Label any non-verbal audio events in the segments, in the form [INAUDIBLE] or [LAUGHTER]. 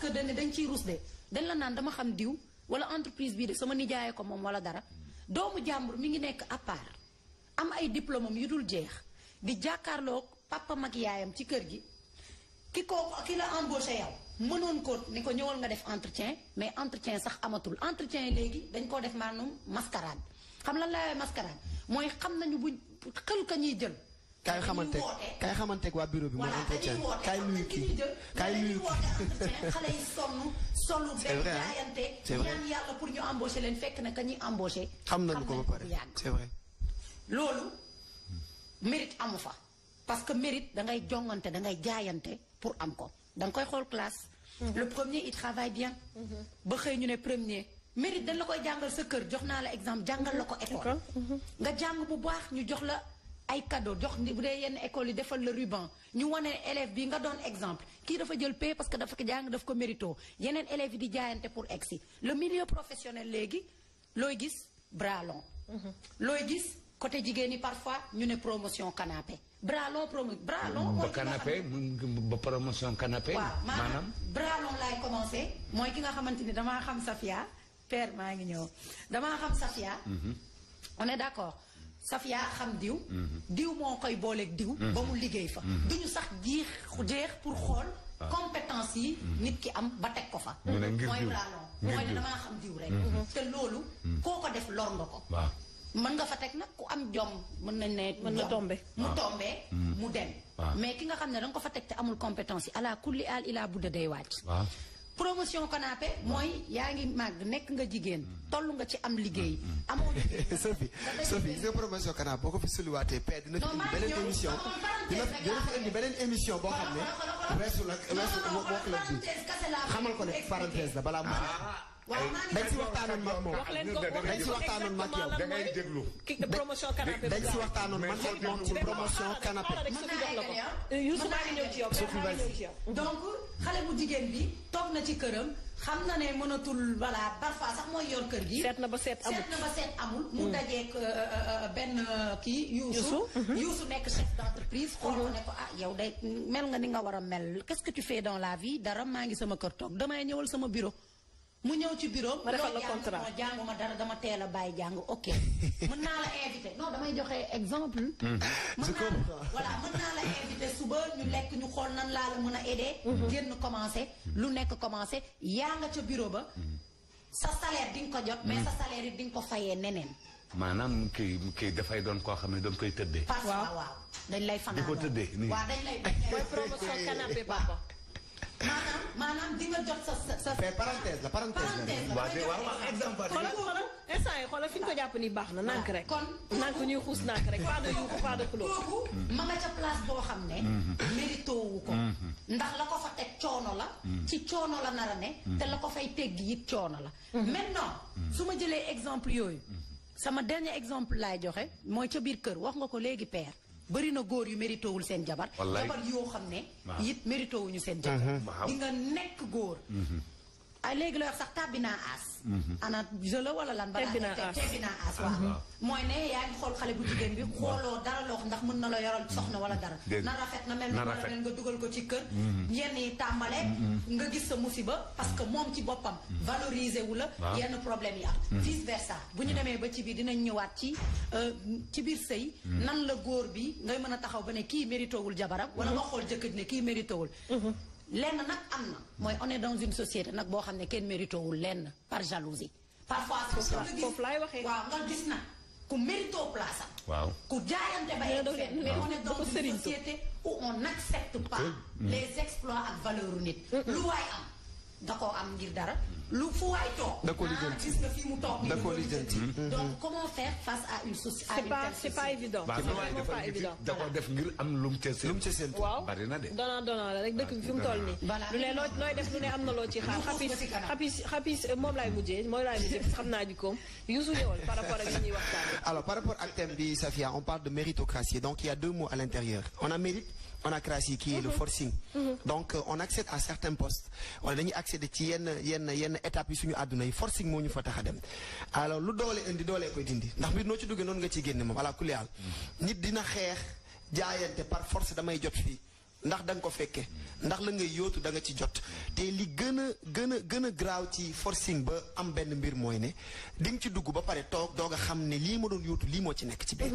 que dañ dañ ciy rus de dañ la naan dama xam diw wala entreprise bii de sama nijaayee ko moom wala dara doomu jàmbur mi ngi nekk à am ay diplôme yu dul jeex di jàkkaarloo papa mag yaayam ci kër gi ki ko ki la embauché yow mënoon ko ni ko ñëwal nga def entretien mais entretien sax amatul entretien léegi dañ koo def maanaam mascarade xam lan la mascarade mooy xam nañu buñ xël ka ñuy jël kaay xamante kaay xamante waa bureau bi mooy entretien kaay nuyu kii kaay nuyu kii xale yi sonn sonn benn jaayante ñaan yàlla pour ñu embauché leen fekk na ka ñuy embauché xam nañu ko ba pare c'est vrai loolu mérite amu fa parce que mérite da ngay jongante da ngay jaayante pour am ko da nga koy xool classe mhm. le premier il travaille bien mhm. ba xëy ñu ne premier mérite dañ la koy jàngal sa kër jox naa la exemple jàngal la ko école mhm. nga jàng bu baax ñu jox la ay cadeau jox bu dee yenn école yi defal la ruban ñu wane élève bi nga doon exemple kii dafa jël paie parce que dafa ko jàng daf ko mérito yeneen élèves yi di jaayante pour egsi le milieu professionnel léegi looy gis bras long mhm. looy gis côté jigéen ñi parfois ñu ne promotion canapé bras long promo bras long mm, ba canapé ba promotion canapé waaw maanaam bras long laay commencé mooy ki nga xamante ni damaa xam Safia père maa ngi ñëw damaa xam Safia mhm. on est d'accord Safia xam diw. Mhm. diw moo koy booleek diw. Mhm. ba mu liggéey fa. Mhm. ñu sax jiix jeex pour xool. Ah. compétence yi. nit ki am ba teg ko fa. mu ne ngir diw mooy mooy damaa xam diw rek. te loolu. koo ko def lor nga ko. mën nga fa teg nag ku am jom mën nañ ne. mën na tombe mu tombee mu dem. mais ki nga xam ne da nga ko fa teg te amul compétence yi ala kulli aal ilaa budda day wàcc. promotion canapé mooy yaa ngi màgg nekk nga jigéen toll nga ci am liggéey amoo liggéey [LAUGHS] Sophie Sophie gis nga promotion canapé boo ko fi suluwaatee père dina fi indi beneen émission dina émission boo xam ne weesu la weesu bokk la bi xamal ko ne parenthèse la balaa mu dañ si waxtaanoon ma ak moom dañ si waxtaanoon ma ak yow da ngay déglu promotion canapé dañ si waxtaanoon man ak yow donc xale bu jigéen bi toog na ci këram xam na ne mënatul voilà parfois sax mooy yor kër gi seet na ba seet amul mu dajeek euh, euh, euh, benn kii Youssou Youssou uh-huh. nekk si d'entreprise xool ko uh-huh. ne ko ah yow day mel nga ni nga war a mel qu'est-ce que tu fais dans la vie dara maa ngi sama kër toog damay ñëwal sama bureau mu ñëw ci bureau ma defal la contrat jànguma jàngu dara dama teel a bàyyi jàng ok [LAUGHS] mën naa la invité non damay joxe exemple. Mm-hmm. c'est comme mën naa la invité suba ñu lekk ñu xool nan laa la mën a aidé. Mm-hmm. génn commencé mm-hmm. lu nekk commencé yaa nga ca bureau ba sa salaire di ko jot. mais sa salaire yi di ko fayee neneen. maanaam kii dafay doon koo xam ne doon koy tëddee. waaw waaw dañ lay fanaan di ko tëddee nii. dañ lay mooy promotion canapé papa. maanaam maanaam di nga jot sa sa sa. mais parenthèse la parenthèse la. waaw waaw exemple. xoolal xoolal instant yi xoolal fi ñu ko jàpp nii baax na nànk rek. kon nànk ñuy xuus nànk rek pas de yuuxu pas de xuloo. kooku ma nga ca place boo xam ne. Mm-hmm. mérito wu ko. Mm-hmm. ndax la ko fa teg coono la. Mm-hmm. ci coono la nar a ne. te la ko fay tegg it coono la. maintenant su ma jëlee exemple yooyu. sama dernier exemple laay joxe mooy ca biir kër wax nga ko léegi père. bëri na góor yu mérité seen jabar jabar yoo xam ne it mérité wuñu seen mhm. jabar di nga nekk góor mhm. ay léegi la wax sax tàbbi naa aas. Mhm. ana jeu la wala lan. tàbbi naa aas tàbbi naa waaw. Mhm. mooy ne yaa ngi xool xale bu jigéen bi. Mhm. xooloo dara loo ndax mën na la yoral soxna wala dara. na rafet na mel na nga dugal ko ci kër. yenn yi tàmbale. nga gis sa musiba parce que moom ci boppam. valoriser wu la. yenn problème yi am. vice versa bu ñu demee ba ci biir dinañ ñëwaat ci euh, ci biir sëy. nan la góor bi ngay mën a taxaw ba ne kii mérito wul jabaram. wala nga xool jëkkër ne kii mérito lenn nag am mooy on est dans une société nag boo xam ne kenn méritowul lenn par jalousie parfois foofu laay waxee waaw nga gis nag ku mérito place am waaw ku jaayante ba egg mais société où n'accepte pas mm. les exploits ak valeur u nit lu waay am da koo am ngir dara lu fu waay toog. da koo lijjanti ah, gis nga fi mu toog. da koo lijjanti donc mm-hmm. comment faire face à une société. c'est pas c'est pas évident. c'est pas évident da koo def ngir am lu mu ca seen. lu mu ca seen waaw bari na de. donnant donnant la rek dëkk bi fi mu toll nii. voilà lu ne loo nooy def lu ne am na loo ci xaar. [LAUGHS] xapis xapis xapis euh, moom laay mujjee moom laay mujjee xam naa jikkoom Youssou ñëwal par rapport ak li ñuy waxtaanee. alors par rapport ak thème bi Safia on parle de méritocratie donc il y a deux mots à l'intérieur on a mérite. onacratie qui est le mhm. forcing mhm. donc euh, on accède à certains postes wala dañuy accéder ci yenn yenn yenn étapes yi suñu àdduna yi forcing moo ñu fa tax a dem alors lu doole indi doolee koy dindi ndax mbir noo ci duggee noonu nga ciy génne moom ala al mhm. nit dina xeex jaayante par force damay jot fii ndax da nga ko fekke ndax la ngay yootu da nga ci jot te li gën a gën a gën a graaw ci forcing ba am benn mbir mooy ne di nga ci dugg ba pare toog doog a xam ni lii ma doon yootu lii moo ci nekk ci biir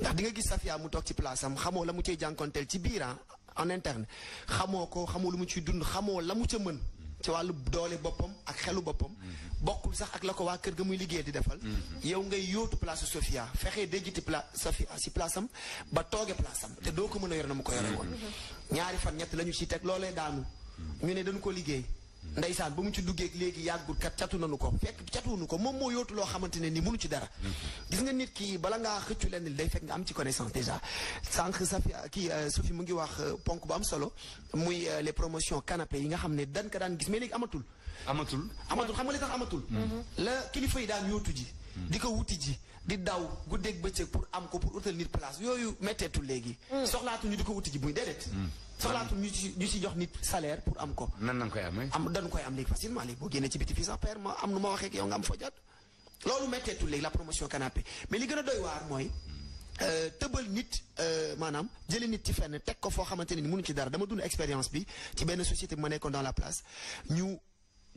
ndax di nga gis Safia mu toog ci place am xamoo la mu cay jànkonteel ci biir ah, en interne xamoo ko xamoo lu mu ciy dund xamoo la mu ca mën ci wàllu doole boppam ak xelu boppam. Mhm. bokkul sax ak la ko waa kër ga muy liggéey di defal. Mhm. yow ngay yootu place Sofia fexe déjiti place Sofia si place am ba tooge place te doo ko mën a yor na mu ko yore mhm. ñaari fan ñett la ñu ci teg loolee daanu. ñu ne dañu ko liggéey. ndeysaan ba mu ci duggee léegi yàggul kat catu na nañu ko fekk nu ko moom moo yootu loo xamante ne ni mënu ci dara gis nga nit ki bala ngaa xëccu lenn day fekk nga am ci connaissance déjà sànq Safi kii euh, Sophie mu ngi wax euh, ponk bu am solo muy euh, les promotions canapé yi nga xam ne dan ka daan gis mais léegi amatul amatul amatul xam nga li tax amatul mm-hmm. la kilifa yi daan yootu ji mm-hmm. di ko wuti ji di daw guddeeg bëccëg pour am ko pour utal nit place yooyu metteetul léegi mm. soxlaatuñu di ko wuti ji muy déedéet mm. soxlaatu ñu ci ñu ci jox nit salaire pour am ko. nan nan koy amee. am koy am léegi facilement léegi boo génnee ci biti fii sax père ma am nu ma waxee ak yow nga am foo jàpp loolu métteetul léegi la promotion canapé mais li gën a doy waar mooy hmm. euh, tëbal nit euh, maanaam jëlee nit ci fenn teg ko foo xamante ne ni mënu ci dara dama dund expérience bi ci benn société bu ma nekkoon dans la place ñu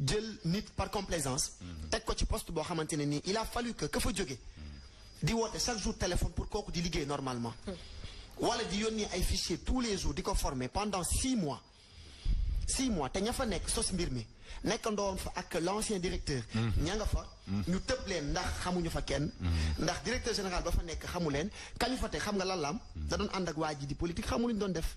jël nit par complaisance. Hmm. teg ko ci poste boo xamante ne nii il a fallu que ka fa jóge hmm. di woote kooku di liggéey normalement. wala di yónnee ay fichier tous les jours di ko former pendant six mois six mois te ña fa nekk sos mbir mi nekk ndoom fa ak l'ancien directeur mm. ña nga fa ñu tëb leen ndax xamuñu fa kenn. Mm-hmm. ndax directeur général ba fa nekk xamu leen kañu fa te xam nga lan laam mm-hmm. doon ànd ak waa ji di politique xamu doon def.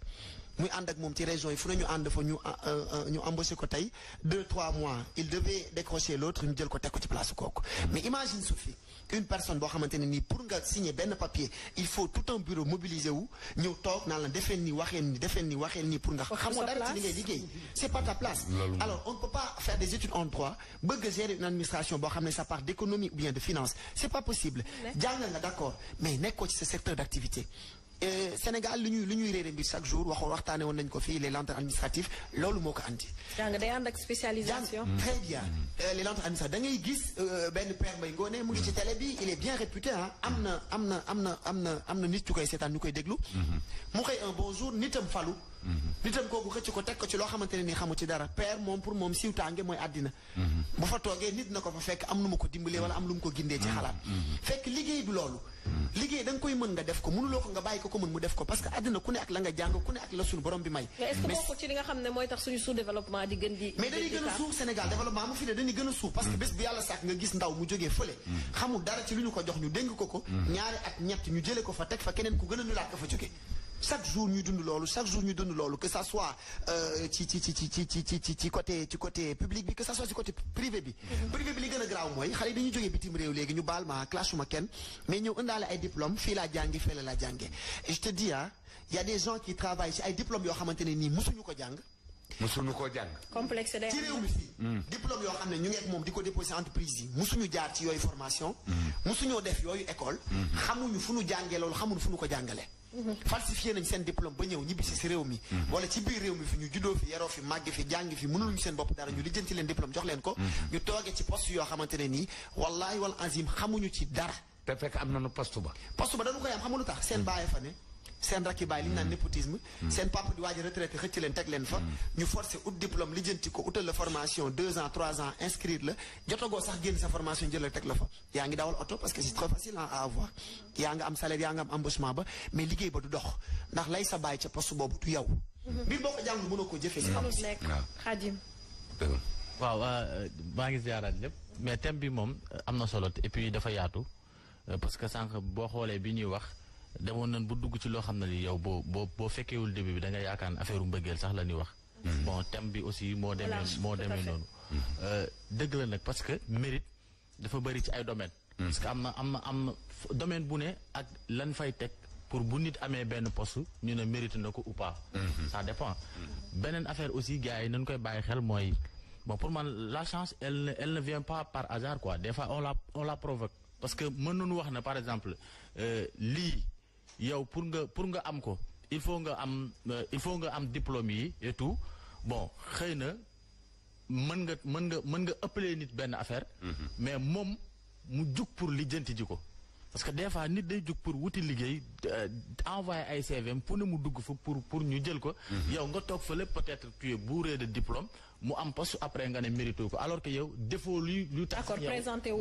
muy ànd ak moom ci région yi fu ne ñu ànd fa ñu euh, euh, ñu ko tey deux trois mois il devait décrocher l' autre ñu jël ko teg ko ci place kooku. Mm-hmm. mais imagine Sophie une personne boo xamante nii pour nga signer benn papier il faut tout un bureau mobilisé wu ñëw toog naan la defeen nii waxeen nii pour ne sa part d'économie ou bien de finance c'est pas possible jàng nga d'accord mais nekkoo ci sa secteur d'activité Sénégal lu ñuy lu ñuy réere mbir chaque jour waxoon waxtaane woon nañ ko fii les lenteurs administratives loolu moo ko andi. jàng day ànd ak spécialisation. très bien euh, les lenteurs administratives da ngay gis euh, benn père Mbaye Ngoné mu ngi ci télé bi il est bien réputé am na am na am na am na am na nit ñu koy seetaan ñu koy déglu. Mhm. mu xëy un bon jour nitam nitam kooku xëcc ko teg ko ci loo xamante ne nii xamu ci dara père moom pour moom siwtaange mooy àddina bu fa toogee nit na ko fa fekk am nu mu ko dimbalee wala am lu mu ko gindee ci xalaat fekk liggéey bi loolu liggéey da koy mën nga def ko mënuloo ko nga bàyyi ko ko mën mu def ko parce que àddina ku ne ak la nga jàng ku ne ak la suñu borom bi may mais gën a suuf Sénégal développement mu fi ne dañuy gën a suuf parce que mm. bés bu yàlla sàkk nga gis ndaw mm. ko ko ko mm. ñaari at ñett ñu jële ko fa teg fa keneen ku gën a ñu chaque jour ñuy dund loolu chaque jour ñuy dund loolu que ça soit euh, ci ci ci ci ci ci ci côté ci côté public bi que ça soit ci côté privé bi. Mm-hmm. privé bi li gën a graaw mooy xale yi dañuy jógee bitim réew léegi ñu baal ma clash ma kenn mais ñëw indaale ay diplôme fii laa jàngi fële laa jànge et je te dis ah y a des gens qui travaillent ci ay diplôme yoo xamante ne nii mosuñu ko jàng. musuñu koo jàng. complexe day ci réew mi fii. Mm. diplôme yoo xam ne ñu ngi ak moom di ko déposé entreprise yi musuñu jaar ci yooyu formation. Mm. musuñoo def yooyu école. Mm. xamuñu fu ñu jàngee loolu xamuñu fu ñu ko jàngale falsifié nañ seen diplôme ba ñëw ñibbisi si réew mi mm-hmm. wala ci biir réew mi fi ñu juddoo fi yaroo fi màgg fi jàng fi mënuluñu seen bopp dara ñu lijjanti leen diplôme jox leen ko mm-hmm. ñu toogee ci poste yoo xamante ne nii wallaahi wal azim xamuñu ci dara te fekk am nañu poste ba poste ba dañu koy am xamulu tax seen mm-hmm. bàyyi fa ne seen rakki baay li ñu naan mm. népotisme mm. seen papa di waaj a xëcc leen teg leen fa mm. ñu forcé ut diplôme lijjanti ko utal la formation deux ans trois ans inscrire la jotagoo sax génn sa formation jël la teg la fa yaa ngi dawal oto parce que c'est trop facile à avoir yaa nga am am embauchement ba mais liggéey ba du dox ndax lay sa baay boobu du yow mm-hmm. mbir boo ko jàng mënoo ko jëfee si euh, mais thème bi moom euh, am na solo et puis dafa yaatu euh, parce que sànq boo xoolee bi ñuy wax demoon nañ bu dugg ci loo xam ne li yow boo boo boo fekkeewul début bi dangay nga yaakaar ne affaire mbëggeel sax la ñuy wax mm-hmm. bon thème bi aussi moo demee moo demee noonu mm-hmm. euh, dëgg la nag parce que mérite dafa bëri ci ay domaine mm-hmm. parce que am na am na am na domaine bu ne ak lan fay teg pour bu nit amee benn post ñu ne mérite na ko ou pas ça dépend beneen affaire aussi gars yi nañ koy bàyyi xel mooy bon pour man la chance elle ne elle vient pas par hasard quoi des fois on la on la provoque parce que mën nañu wax ne par exemple euh, lii yow pour nga pour nga am ko il faut nga am euh, il faut nga am diplôme yi et tout bon xëy na mën nga mën nga mën nga ëppalee nit benn affaire. Mhm. mais moom mu jug pour lijjanti ji ko. parce que des fois nit day jug pour wuti liggéey euh, envoyé ay CVM pour ne mu dugg fa pour pour ñu jël ko. Mhm. yow nga toog fa lépp être tu es bourré de diplôme mu am poste après nga ne mérito ko alors que yow defoo luy lu tax. yow